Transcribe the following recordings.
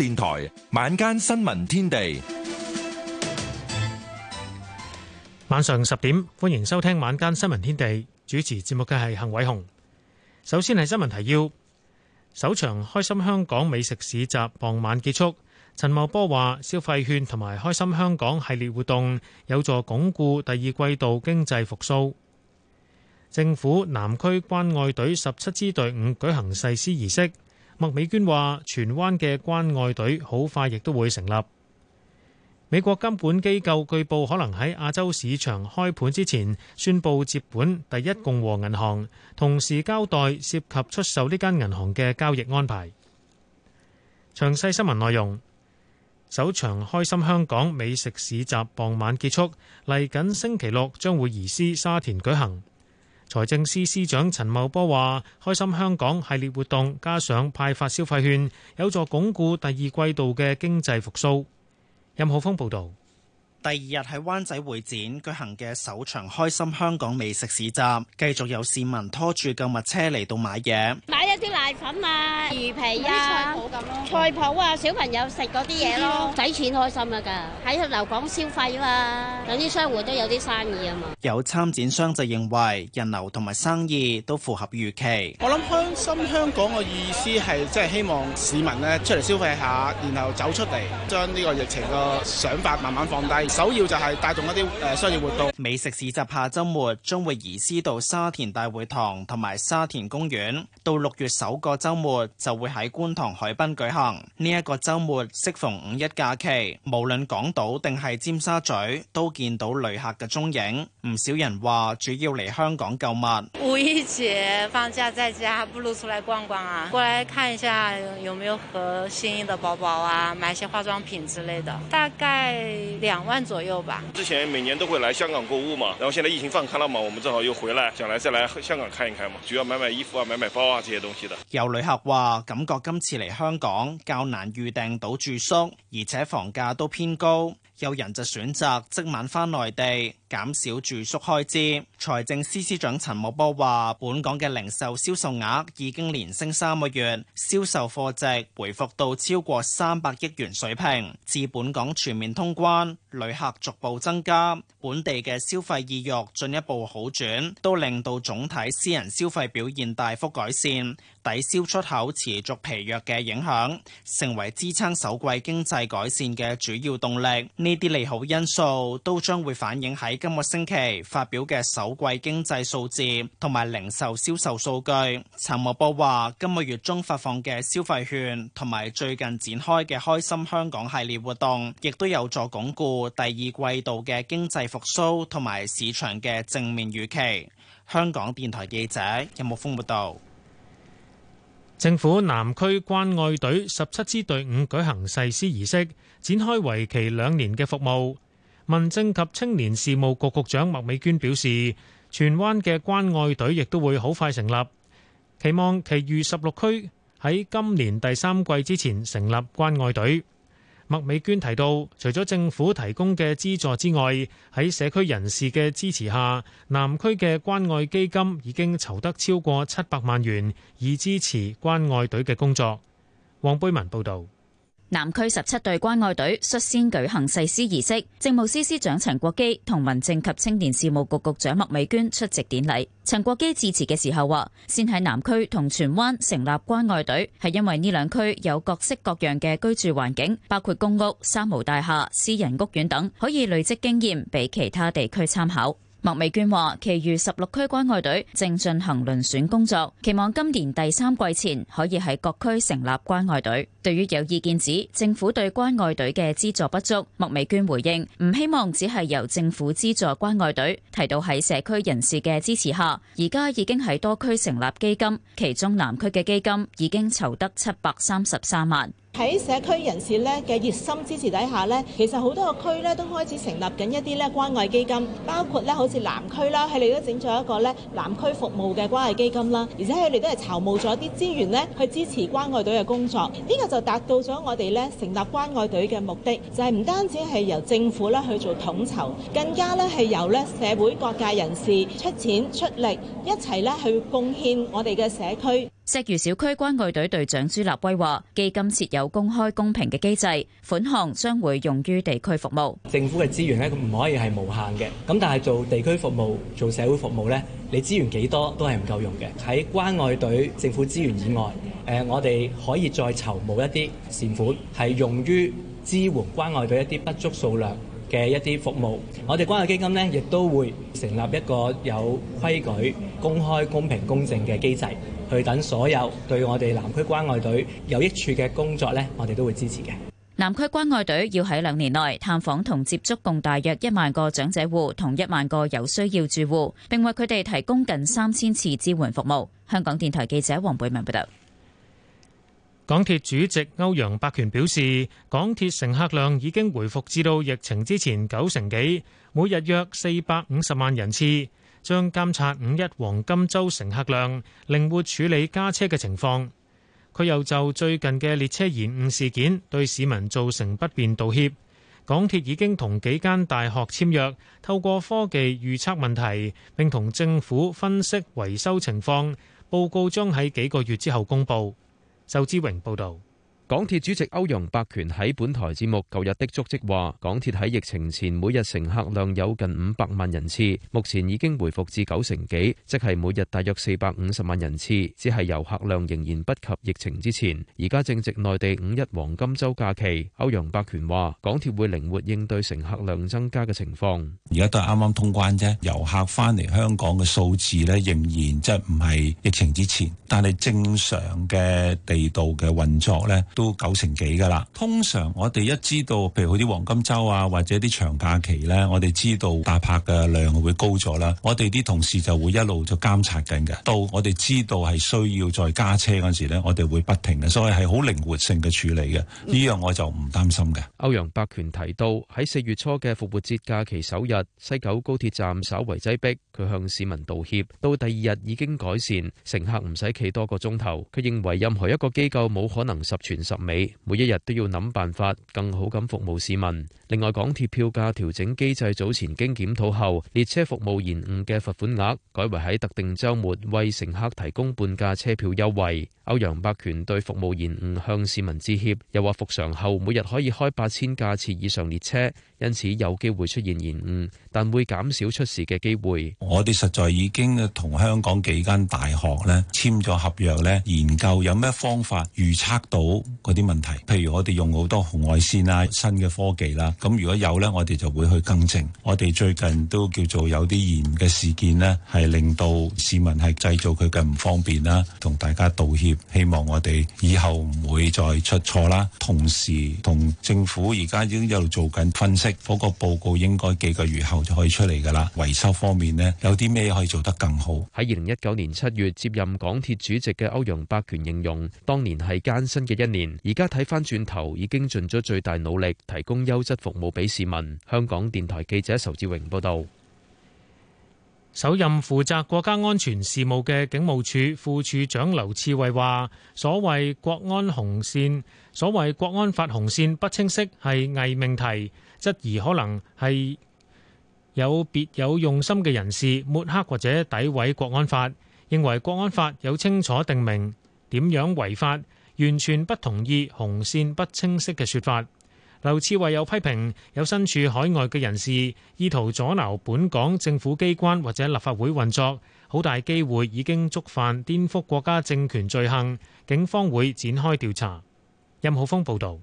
電台晚間新聞天地，晚上十點歡迎收聽晚間新聞天地。主持節目嘅係幸偉雄。首先係新聞提要。首場開心香港美食市集傍晚結束。陳茂波話，消費券同埋開心香港系列活動有助鞏固第二季度經濟復甦。政府南區關愛隊十七支隊伍舉行誓師儀式。麥美娟話，荃灣嘅關愛隊好快亦都會成立。美國監管機構據報可能喺亞洲市場開盤之前宣布接管第一共和銀行，同時交代涉及出售呢間銀行嘅交易安排。詳細新聞內容。首場開心香港美食市集傍晚結束，嚟緊星期六將會移師沙田舉行。財政司司長陳茂波話：開心香港系列活動加上派發消費券，有助鞏固第二季度嘅經濟復甦。任浩峰報導。第二日喺灣仔會展舉行嘅首場開心香港美食市集，繼續有市民拖住購物車嚟到買嘢，買一啲奶粉啊、魚皮啊、菜脯咁、啊、咯，菜脯啊，小朋友食嗰啲嘢咯，使 錢開心啊！噶喺流港消費啊嘛，有啲商戶都有啲生意啊嘛。有參展商就認為人流同埋生意都符合預期。我諗開心香港嘅意思係即係希望市民呢出嚟消費下，然後走出嚟，將呢個疫情嘅想法慢慢放低。首要就係帶動一啲誒商業活動。美食市集下周末將會移師到沙田大會堂同埋沙田公園，到六月首個周末就會喺觀塘海濱舉行。呢一個周末適逢五一假期，無論港島定係尖沙咀都見到旅客嘅蹤影。唔少人話主要嚟香港購物。五一節放假在家，不如出來逛逛啊！過來看一下有沒有合心意的包包啊，買些化妝品之類的，大概兩萬。之前每年都會來香港購物嘛，然後現在疫情放開了嘛，我們正好又回來，想來再來香港看一看嘛，主要買買衣服啊，買買包啊這些東西的。有旅客話，感覺今次嚟香港較難預訂到住宿，而且房價都偏高。有人就選擇即晚返內地，減少住宿開支。財政司司長陳茂波話，本港嘅零售銷售額已經連升三個月，銷售貨值回復到超過三百億元水平。自本港全面通關，旅客逐步增加，本地嘅消費意欲進一步好轉，都令到總體私人消費表現大幅改善。抵消出口持續疲弱嘅影響，成為支撐首季經濟改善嘅主要動力。呢啲利好因素都將會反映喺今個星期發表嘅首季經濟數字同埋零售銷,銷售數據，陳茂波話今個月中發放嘅消費券同埋最近展開嘅開心香港系列活動亦都有助鞏固第二季度嘅經濟復蘇同埋市場嘅正面預期。香港電台記者任木風報道。政府南區關愛隊十七支隊伍舉行誓師儀式，展開為期兩年嘅服務。民政及青年事務局局長麥美娟表示，荃灣嘅關愛隊亦都會好快成立，期望其餘十六區喺今年第三季之前成立關愛隊。麥美娟提到，除咗政府提供嘅資助之外，喺社區人士嘅支持下，南區嘅關愛基金已經籌得超過七百萬元，以支持關愛隊嘅工作。黃貝文報導。南區十七隊關愛隊率先舉行誓師儀式，政務司司長陳國基同民政及青年事務局局長麥美娟出席典禮。陳國基致辭嘅時候話，先喺南區同荃灣成立關愛隊，係因為呢兩區有各式各樣嘅居住環境，包括公屋、三無大廈、私人屋苑等，可以累積經驗俾其他地區參考。麥美娟話，其餘十六區關愛隊正進行輪選工作，期望今年第三季前可以喺各區成立關愛隊。對於有意見指政府對關愛隊嘅資助不足，麥美娟回應唔希望只係由政府資助關愛隊，提到喺社區人士嘅支持下，而家已經喺多區成立基金，其中南區嘅基金已經籌得七百三十三萬。喺社區人士咧嘅熱心支持底下咧，其實好多個區咧都開始成立緊一啲咧關愛基金，包括咧好似南區啦，佢哋都整咗一個咧南區服務嘅關愛基金啦，而且佢哋都係籌募咗啲資源咧去支持關愛隊嘅工作，呢個就達到咗我哋咧成立關愛隊嘅目的，就係唔單止係由政府咧去做統籌，更加咧係由咧社會各界人士出錢出力一齊咧去貢獻我哋嘅社區。石魚小區關愛隊隊長朱立威話，基金設有公開公平嘅機制，款項將會用於地區服務。政府嘅資源咧，唔可以係無限嘅。咁但係做地區服務、做社會服務咧，你資源幾多都係唔夠用嘅。喺關愛隊政府資源以外，誒，我哋可以再籌募一啲善款，係用於支援關愛隊一啲不足數量嘅一啲服務。我哋關愛基金咧，亦都會成立一個有規矩、公開、公平、公正嘅機制。去等所有對我哋南區關愛隊有益處嘅工作呢，我哋都會支持嘅。南區關愛隊要喺兩年內探訪同接觸共大約一萬個長者戶同一萬個有需要住戶，並為佢哋提供近三千次支援服務。香港電台記者黃貝文報道。港鐵主席歐陽伯權表示，港鐵乘客量已經回復至到疫情之前九成幾，每日約四百五十萬人次。將監察五一黃金周乘客量，靈活處理加車嘅情況。佢又就最近嘅列車延誤事件，對市民造成不便道歉。港鐵已經同幾間大學簽約，透過科技預測問題，並同政府分析維修情況。報告將喺幾個月之後公布。仇知榮報道。港鐵主席歐陽伯權喺本台節目舊日的足迹話港鐵喺疫情前每日乘客量有近五百萬人次，目前已經回復至九成幾，即係每日大約四百五十萬人次，只係遊客量仍然不及疫情之前。而家正值內地五一黃金周假期，歐陽伯權話，港鐵會靈活應對乘客量增加嘅情況。而家都係啱啱通關啫，遊客翻嚟香港嘅數字咧仍然即係唔係疫情之前，但係正常嘅地道嘅運作咧。都九成幾噶啦。通常我哋一知道，譬如好啲黃金周啊，或者啲長假期呢，我哋知道搭客嘅量會高咗啦。我哋啲同事就會一路就監察緊嘅，到我哋知道係需要再加車嗰時呢，我哋會不停嘅，所以係好靈活性嘅處理嘅。呢樣我就唔擔心嘅。歐陽伯權提到喺四月初嘅復活節假期首日，西九高鐵站稍微擠逼，佢向市民道歉。到第二日已經改善，乘客唔使企多個鐘頭。佢認為任何一個機構冇可能十全十美，每一日都要諗辦法更好咁服務市民。另外，港鐵票價調整機制早前經檢討後，列車服務延誤嘅罰款額改為喺特定週末為乘客提供半價車票優惠。歐陽伯權對服務延誤向市民致歉，又話復常後每日可以開八千架次以上列車，因此有機會出現延誤，但會減少出事嘅機會。我哋實在已經同香港幾間大學咧簽咗合約咧，研究有咩方法預測到。嗰啲問題，譬如我哋用好多紅外線啦、新嘅科技啦，咁如果有呢，我哋就會去更正。我哋最近都叫做有啲嚴嘅事件呢，係令到市民係製造佢嘅唔方便啦，同大家道歉。希望我哋以後唔會再出錯啦。同時同政府而家已經有做緊分析，嗰個報告應該幾個月後就可以出嚟噶啦。維修方面呢，有啲咩可以做得更好？喺二零一九年七月接任港鐵主席嘅歐陽伯權形容，當年係艱辛嘅一年。而家睇返轉頭，已經盡咗最大努力提供優質服務俾市民。香港電台記者仇志榮報道，首任負責國家安全事務嘅警務處副處長劉賜蕙話，所謂國安紅線，所謂國安法紅線不清晰，係偽命題，質疑可能係有別有用心嘅人士抹黑或者詆毀國安法，認為國安法有清楚定明點樣違法。完全不同意紅線不清晰嘅說法。劉賜蕙又批評有身處海外嘅人士意圖阻撓本港政府機關或者立法會運作，好大機會已經觸犯顛覆國家政權罪行，警方會展開調查。任浩峰報道。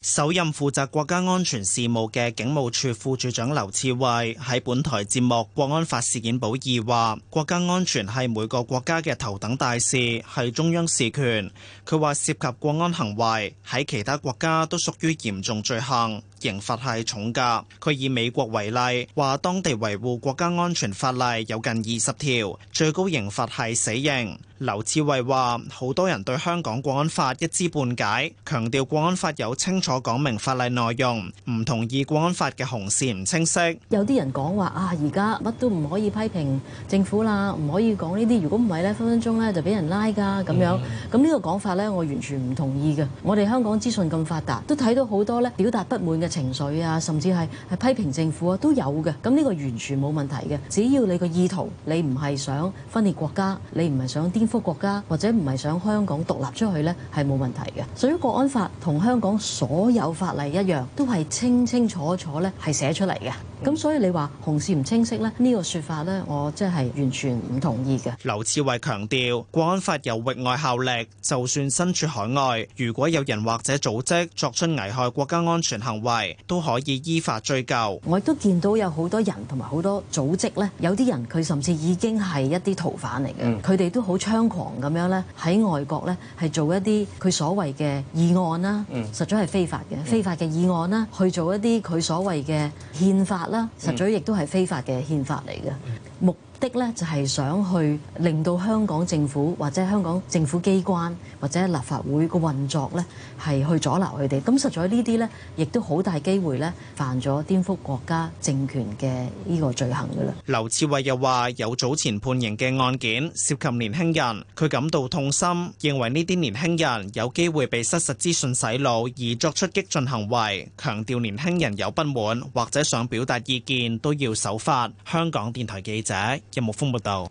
首任負責國家安全事務嘅警務處副處長劉賜蕙喺本台節目《國安法事件簿二》話：國家安全係每個國家嘅頭等大事，係中央事權。佢話涉及國安行為喺其他國家都屬於嚴重罪行。刑罰係重甲，佢以美國為例，話當地維護國家安全法例有近二十條，最高刑罰係死刑。劉志偉話：好多人對香港國安法一知半解，強調國安法有清楚講明法例內容，唔同意國安法嘅紅線唔清晰。有啲人講話啊，而家乜都唔可以批評政府啦，唔可以講呢啲，如果唔係呢，分分鐘呢就俾人拉㗎咁樣。咁呢個講法呢，我完全唔同意嘅。我哋香港資訊咁發達，都睇到好多呢，表達不滿嘅。情緒啊，甚至係係批評政府啊，都有嘅。咁、這、呢個完全冇問題嘅，只要你個意圖你唔係想分裂國家，你唔係想顛覆國家，或者唔係想香港獨立出去呢，係冇問題嘅。所以國安法同香港所有法例一樣，都係清清楚楚呢係寫出嚟嘅。咁、嗯、所以你話紅線唔清晰呢？呢、這個說法呢，我真係完全唔同意嘅。劉志偉強調，國安法有域外效力，就算身處海外，如果有人或者組織作出危害國家安全行為，都可以依法追究。我亦都見到有好多人同埋好多組織呢，有啲人佢甚至已經係一啲逃犯嚟嘅。佢哋、mm. 都好猖狂咁樣呢，喺外國呢，係做一啲佢所謂嘅議案啦，mm. 實在係非法嘅，mm. 非法嘅議案啦，去做一啲佢所謂嘅憲法啦，實在亦都係非法嘅憲法嚟嘅，mm. 目。的咧就係想去令到香港政府或者香港政府機關或者立法會嘅運作咧係去阻撓佢哋，咁實在呢啲咧亦都好大機會咧犯咗顛覆國家政權嘅呢個罪行㗎啦。劉志偉又話：有早前判刑嘅案件涉及年輕人，佢感到痛心，認為呢啲年輕人有機會被失實資訊洗腦而作出激進行為，強調年輕人有不滿或者想表達意見都要守法。香港電台記者。一目風報道，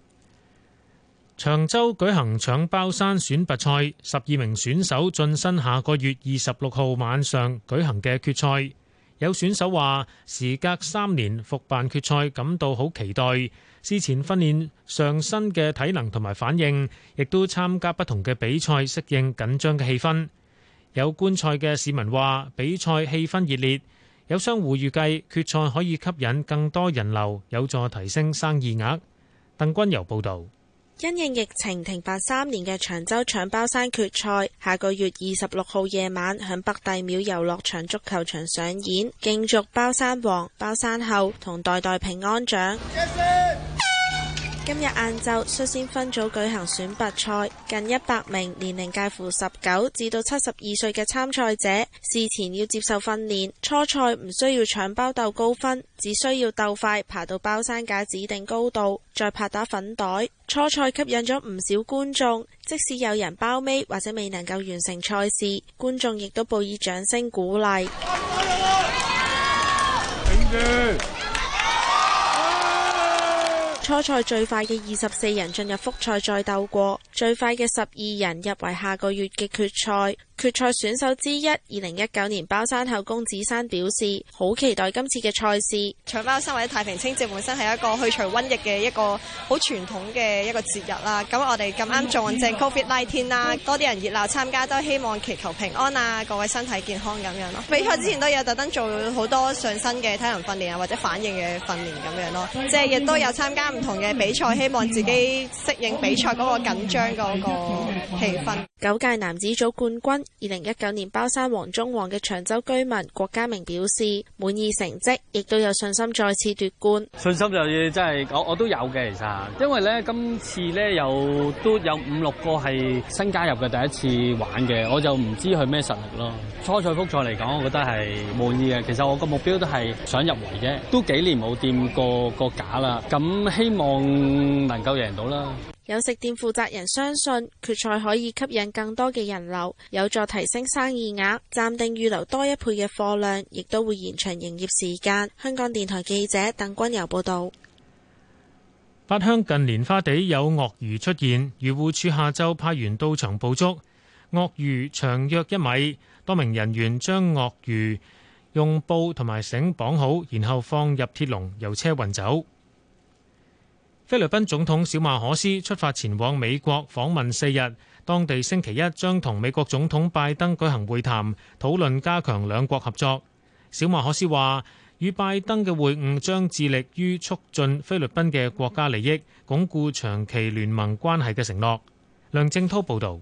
長洲舉行搶包山選拔賽，十二名選手晉身下個月二十六號晚上舉行嘅決賽。有選手話：時隔三年復辦決賽，感到好期待。事前訓練上身嘅體能同埋反應，亦都參加不同嘅比賽，適應緊張嘅氣氛。有觀賽嘅市民話：比賽氣氛熱烈。有商戶預計決賽可以吸引更多人流，有助提升生意額。鄧君由報導，因應疫情停辦三年嘅長洲搶包山決賽，下個月二十六號夜晚響北帝廟遊樂場足球場上演，競逐包山王、包山后同代代平安獎。Yes, 今日晏晝，率先分組舉行選拔賽，近一百名年齡介乎十九至到七十二歲嘅參賽者，事前要接受訓練。初賽唔需要搶包鬥高分，只需要鬥快爬到包山架指定高度，再拍打粉袋。初賽吸引咗唔少觀眾，即使有人包尾或者未能夠完成賽事，觀眾亦都報以掌聲鼓勵。加油！加油！初賽最快嘅二十四人進入復賽，再鬥過最快嘅十二人入圍下個月嘅決賽。決賽選手之一，二零一九年包山後公子山表示：好期待今次嘅賽事。搶包山或者太平清醮本身係一個去除瘟疫嘅一個好傳統嘅一個節日啦。咁我哋咁啱撞正 Covid nineteen 啦，19, 多啲人熱鬧參加都希望祈求平安啊，各位身體健康咁樣咯。比賽之前都有特登做好多上身嘅體能訓練啊，或者反應嘅訓練咁樣咯。即係亦都有參加唔同嘅比賽，希望自己適應比賽嗰個緊張嗰個氣氛。九屆男子組冠軍。二零一九年包山王中王嘅長洲居民郭家明表示滿意成績，亦都有信心再次奪冠。信心就真係我我都有嘅，其實因為咧今次咧有都有五六個係新加入嘅，第一次玩嘅，我就唔知佢咩實力咯。初賽複賽嚟講，我覺得係滿意嘅。其實我個目標都係想入圍啫，都幾年冇掂過個架啦。咁希望能夠贏到啦。有食店負責人相信，決賽可以吸引更多嘅人流，有助提升生意額。暫定預留多一倍嘅貨量，亦都會延長營業時間。香港電台記者鄧君游報道。八鄉近蓮花地有鱷魚出現，漁護署下晝派員到場捕捉。鱷魚長約一米，多名人員將鱷魚用布同埋繩綁,綁好，然後放入鐵籠，由車運走。菲律賓總統小馬可斯出發前往美國訪問四日，當地星期一將同美國總統拜登舉行會談，討論加強兩國合作。小馬可斯話：與拜登嘅會晤將致力於促進菲律賓嘅國家利益，鞏固長期聯盟關係嘅承諾。梁正濤報導。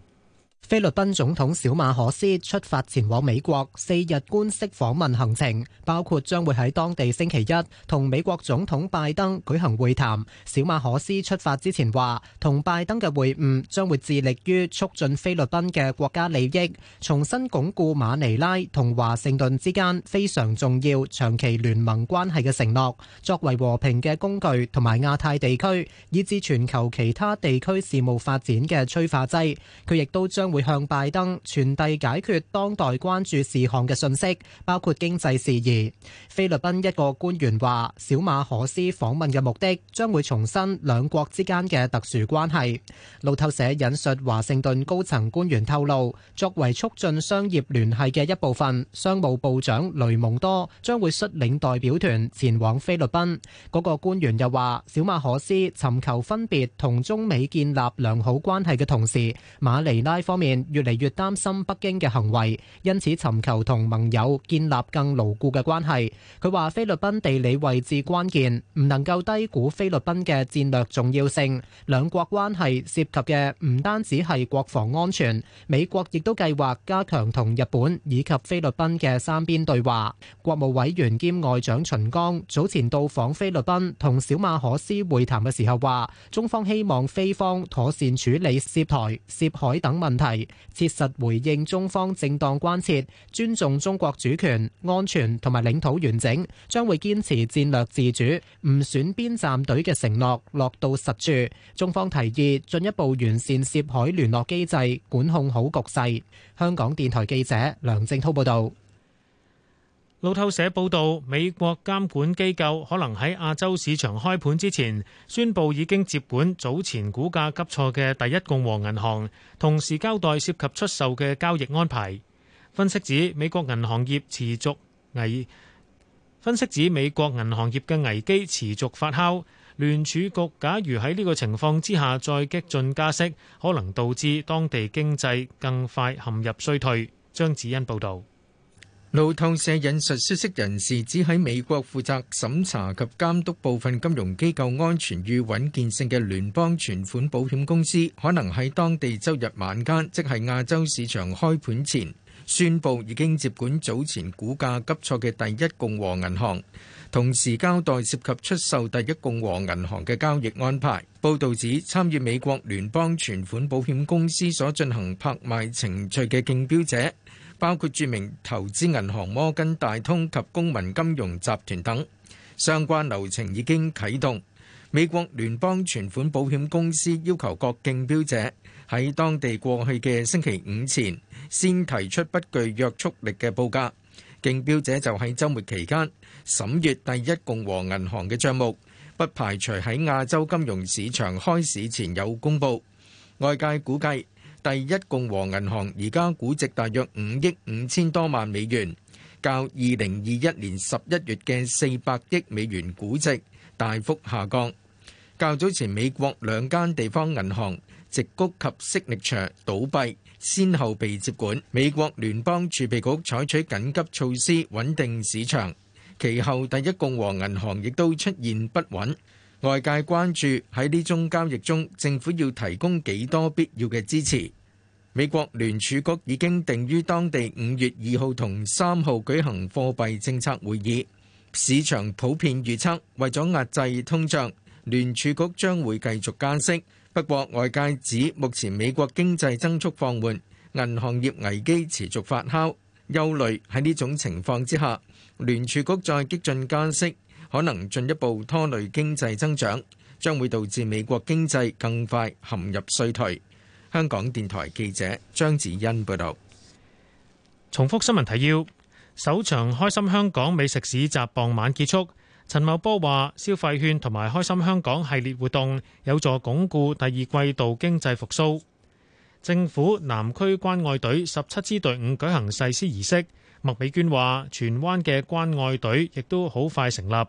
菲律賓總統小馬可斯出發前往美國四日官式訪問行程，包括將會喺當地星期一同美國總統拜登舉行會談。小馬可斯出發之前話，同拜登嘅會晤將會致力於促進菲律賓嘅國家利益，重新鞏固馬尼拉同華盛頓之間非常重要、長期聯盟關係嘅承諾，作為和平嘅工具同埋亞太地區以至全球其他地區事務發展嘅催化劑。佢亦都將會向拜登傳遞解決當代關注事項嘅信息，包括經濟事宜。菲律賓一個官員話，小馬可斯訪問嘅目的將會重申兩國之間嘅特殊關係。路透社引述華盛頓高層官員透露，作為促進商業聯繫嘅一部分，商務部長雷蒙多將會率領代表團前往菲律賓。嗰個官員又話，小馬可斯尋求分別同中美建立良好關係嘅同時，馬尼拉方方面越嚟越擔心北京嘅行為，因此尋求同盟友建立更牢固嘅關係。佢話菲律賓地理位置關鍵，唔能夠低估菲律賓嘅戰略重要性。兩國關係涉及嘅唔單止係國防安全，美國亦都計劃加強同日本以及菲律賓嘅三邊對話。國務委員兼外長秦剛早前到訪菲律賓同小馬可斯會談嘅時候話，中方希望菲方妥善處理涉台、涉海等問題。切實回應中方正當關切，尊重中國主權、安全同埋領土完整，將會堅持戰略自主、唔選邊站隊嘅承諾落到實處。中方提議進一步完善涉海聯絡機制，管控好局勢。香港電台記者梁正濤報道。路透社報道，美國監管機構可能喺亞洲市場開盤之前宣布已經接管早前股價急挫嘅第一共和銀行，同時交代涉及出售嘅交易安排。分析指美國銀行業持續危，分析指美國銀行業嘅危機持續發酵。聯儲局假如喺呢個情況之下再激進加息，可能導致當地經濟更快陷入衰退。張子欣報道。路透社引述消息人士指，喺美國負責審查及監督部分金融機構安全與穩健性嘅聯邦存款保險公司，可能喺當地週日晚間，即係亞洲市場開盤前，宣佈已經接管早前股價急挫嘅第一共和銀行，同時交代涉及出售第一共和銀行嘅交易安排。報導指，參與美國聯邦存款保險公司所進行拍賣程序嘅競標者。包括著名投資銀行摩根大通及公民金融集團等，相關流程已經啟動。美國聯邦存款保險公司要求各競標者喺當地過去嘅星期五前先提出不具約束力嘅報價。競標者就喺週末期間審閱第一共和銀行嘅帳目，不排除喺亞洲金融市場開市前有公佈。外界估計，第一共和銀行而家估值大約五億五千多萬美元，較二零二一年十一月嘅四百億美元估值大幅下降。較早前美國兩間地方銀行，矽谷及 Signature 倒閉，先後被接管。美國聯邦儲備局採取緊急措施穩定市場，其後第一共和銀行亦都出現不穩。外界關注喺呢宗交易中，政府要提供幾多必要嘅支持。美國聯儲局已經定於當地五月二號同三號舉行貨幣政策會議，市場普遍預測為咗壓制通脹，聯儲局將會繼續加息。不過，外界指目前美國經濟增速放緩，銀行業危機持續發酵，憂慮喺呢種情況之下，聯儲局再激進加息，可能進一步拖累經濟增長，將會導致美國經濟更快陷入衰退。香港電台記者張子欣報道。重複新聞提要：首場《開心香港美食市集》傍晚結束。陳茂波話，消費券同埋《開心香港》系列活動有助鞏固第二季度經濟復甦。政府南區關愛隊十七支隊伍舉行誓師儀式。麥美娟話，荃灣嘅關愛隊亦都好快成立。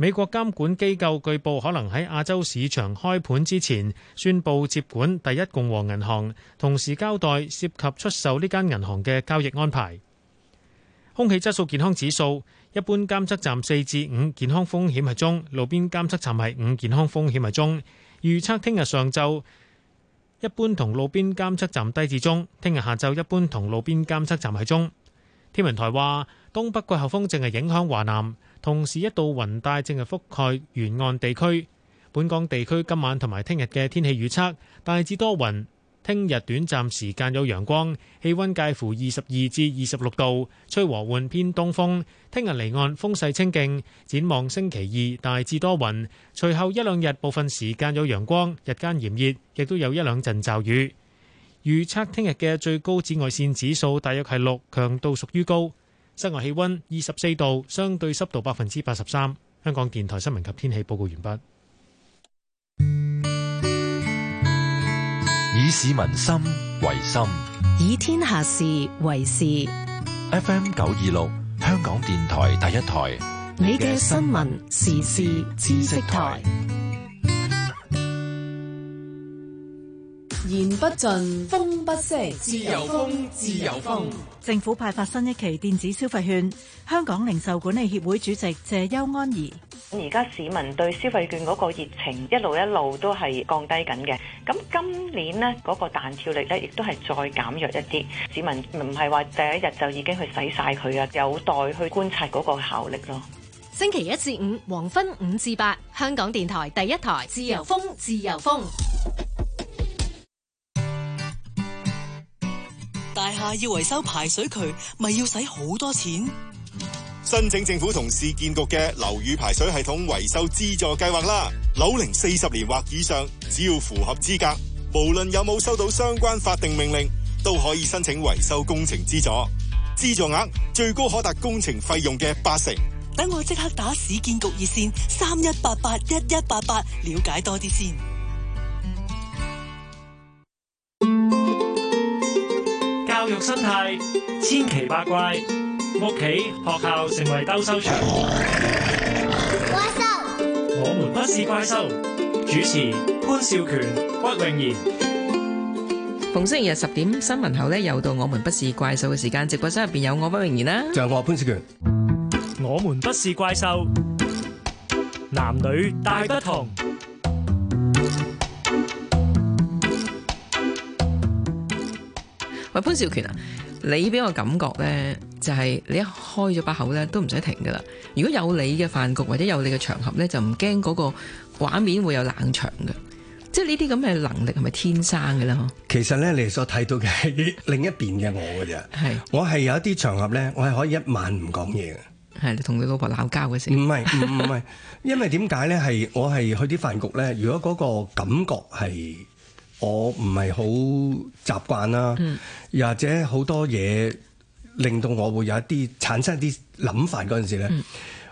美國監管機構據報可能喺亞洲市場開盤之前宣布接管第一共和銀行，同時交代涉及出售呢間銀行嘅交易安排。空氣質素健康指數，一般監測站四至五，健康風險係中；路邊監測站係五，健康風險係中。預測聽日上晝一般同路邊監測站低至中，聽日下晝一般同路邊監測站係中。天文台話，東北季候風正係影響華南，同時一道雲帶正係覆蓋沿岸地區。本港地區今晚同埋聽日嘅天氣預測，大致多雲。聽日短暫時間有陽光，氣溫介乎二十二至二十六度，吹和緩偏東風。聽日離岸風勢清勁。展望星期二，大致多雲，隨後一兩日部分時間有陽光，日間炎熱，亦都有一兩陣驟雨。預測聽日嘅最高紫外線指數大約係六，強度屬於高。室外氣溫二十四度，相對濕度百分之八十三。香港電台新聞及天氣報告完畢。以市民心為心，以天下事為事。FM 九二六，香港電台第一台，你嘅新聞時事知識台。言不盡，風不息，自由風，自由風。政府派發新一期電子消費券，香港零售管理協會主席謝邱安儀。而家市民對消費券嗰個熱情一路一路都係降低緊嘅。咁今年呢嗰個彈跳力呢，亦都係再減弱一啲。市民唔係話第一日就已經去使晒佢啊，有待去觀察嗰個效力咯。星期一至五黃昏五至八，香港電台第一台，自由風，自由風。大廈要維修排水渠，咪要使好多錢。申請政府同市建局嘅樓宇排水系統維修資助計劃啦。樓齡四十年或以上，只要符合資格，無論有冇收到相關法定命令，都可以申請維修工程資助。資助額最高可達工程費用嘅八成。等我即刻打市建局熱線三一八八一一八八，了解多啲先。心態千奇百怪，屋企學校成為鬥獸場。塞怪獸，我們不是怪獸。主持潘少權、屈穎妍。逢星期日十點新聞後咧，又到我們不是怪獸嘅時間。直播室入邊有我屈穎妍啦，仲有我潘少權。我們不是怪獸，男女大不同。喂，潘少權啊，你俾我感覺咧，就係你一開咗把口咧，都唔使停噶啦。如果有你嘅飯局或者有你嘅場合咧，就唔驚嗰個畫面會有冷場嘅，即係呢啲咁嘅能力係咪天生嘅咧？其實咧，你所睇到嘅係另一邊嘅我嘅啫。係 是。我係有一啲場合咧，我係可以一晚唔講嘢嘅。係，同你，你老婆鬧交嘅時候。唔係唔係，因為點解咧？係我係去啲飯局咧，如果嗰個感覺係。我唔係好習慣啦，又或者好多嘢令到我會有一啲產生一啲諗法嗰陣時咧，嗯、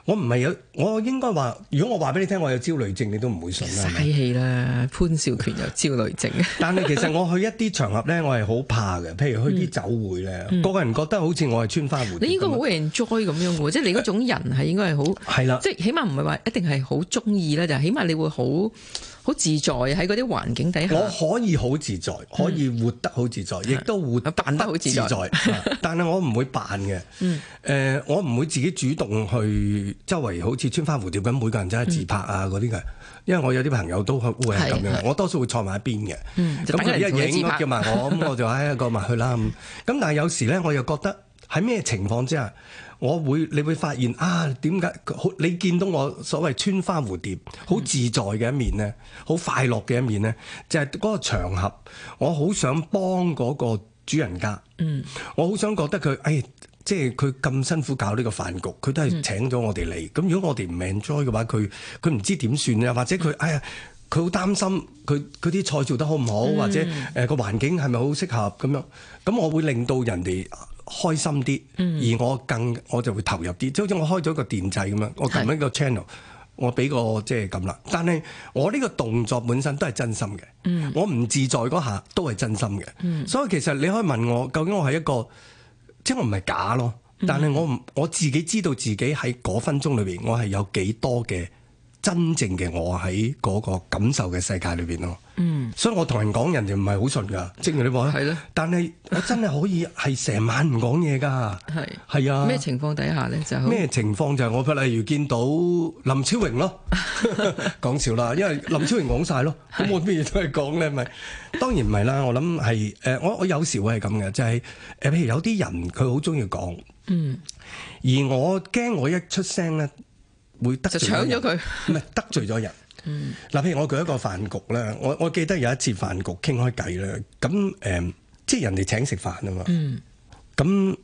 我唔係有，我應該話，如果我話俾你聽，我有焦慮症，你都唔會信啦。嘥氣啦，吧潘少權有焦慮症。 但係其實我去一啲場合咧，我係好怕嘅，譬如去啲酒會咧，個、嗯、個人覺得好似我係穿花蝴蝶。你應該好 enjoy 咁樣嘅，呃、即係你嗰種人係應該係好，係啦對，即係起碼唔係話一定係好中意啦，就起碼你會好。好自在喺啲環境底下，我可以好自在，可以活得好自在，嗯、亦都活扮得好自在。 但係我唔會扮嘅，誒、嗯呃，我唔會自己主動去周圍好似穿花蝴蝶咁，每個人都係自拍啊嗰啲嘅。因為我有啲朋友都會係咁樣，我多數會坐埋、嗯、一邊嘅。咁佢一影，我叫埋我，咁我就喺過埋去啦。咁、嗯、咁，但係有時咧，我又覺得喺咩情況之下？我會，你會發現啊，點解好？你見到我所謂穿花蝴蝶，好自在嘅一面咧，好快樂嘅一面咧，就係、是、嗰個場合，我好想幫嗰個主人家，嗯，我好想覺得佢，誒、哎，即係佢咁辛苦搞呢個飯局，佢都係請咗我哋嚟。咁、嗯、如果我哋唔 enjoy 嘅話，佢佢唔知點算啊？或者佢，哎呀，佢好擔心佢佢啲菜做得好唔好，或者誒個、呃、環境係咪好適合咁樣？咁我會令到人哋。開心啲，而我更我就會投入啲，即好似我開咗一個電掣咁樣，我撳一個 channel，是我俾個即係咁啦。但係我呢個動作本身都係真心嘅，嗯、我唔自在嗰下都係真心嘅。嗯、所以其實你可以問我，究竟我係一個即係我唔係假咯？但係我唔我自己知道自己喺嗰分鐘裏邊，我係有幾多嘅。真正嘅我喺嗰個感受嘅世界裏邊咯，嗯，所以我同人講，人哋唔係好信噶，正如你話，係咯。但係我真係可以係成晚唔講嘢噶，係係啊。咩情況底下咧就咩情況就係我，例如見到林超榮咯，講笑啦，因為林超榮講晒咯，咁 是的 我咩嘢都係講咧，咪是的 當然唔係啦。我諗係誒，我我，我有時會係咁嘅，就係誒，譬如有啲人佢好中意講，嗯，而我驚我一出聲咧。會得罪搶咗佢，唔係 得罪咗人。嗱、嗯，譬如我舉一個飯局啦，我我記得有一次飯局傾開偈咧，咁誒、嗯，即係人哋請食飯啊嘛。咁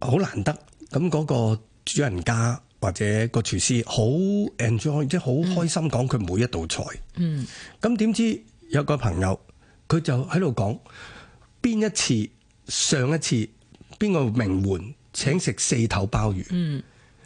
好、嗯、難得，咁嗰個主人家或者個廚師好 enjoy，、嗯、即係好開心講佢每一道菜。咁點知有個朋友佢就喺度講邊一次上一次邊個名媛請食四頭鮑魚。嗯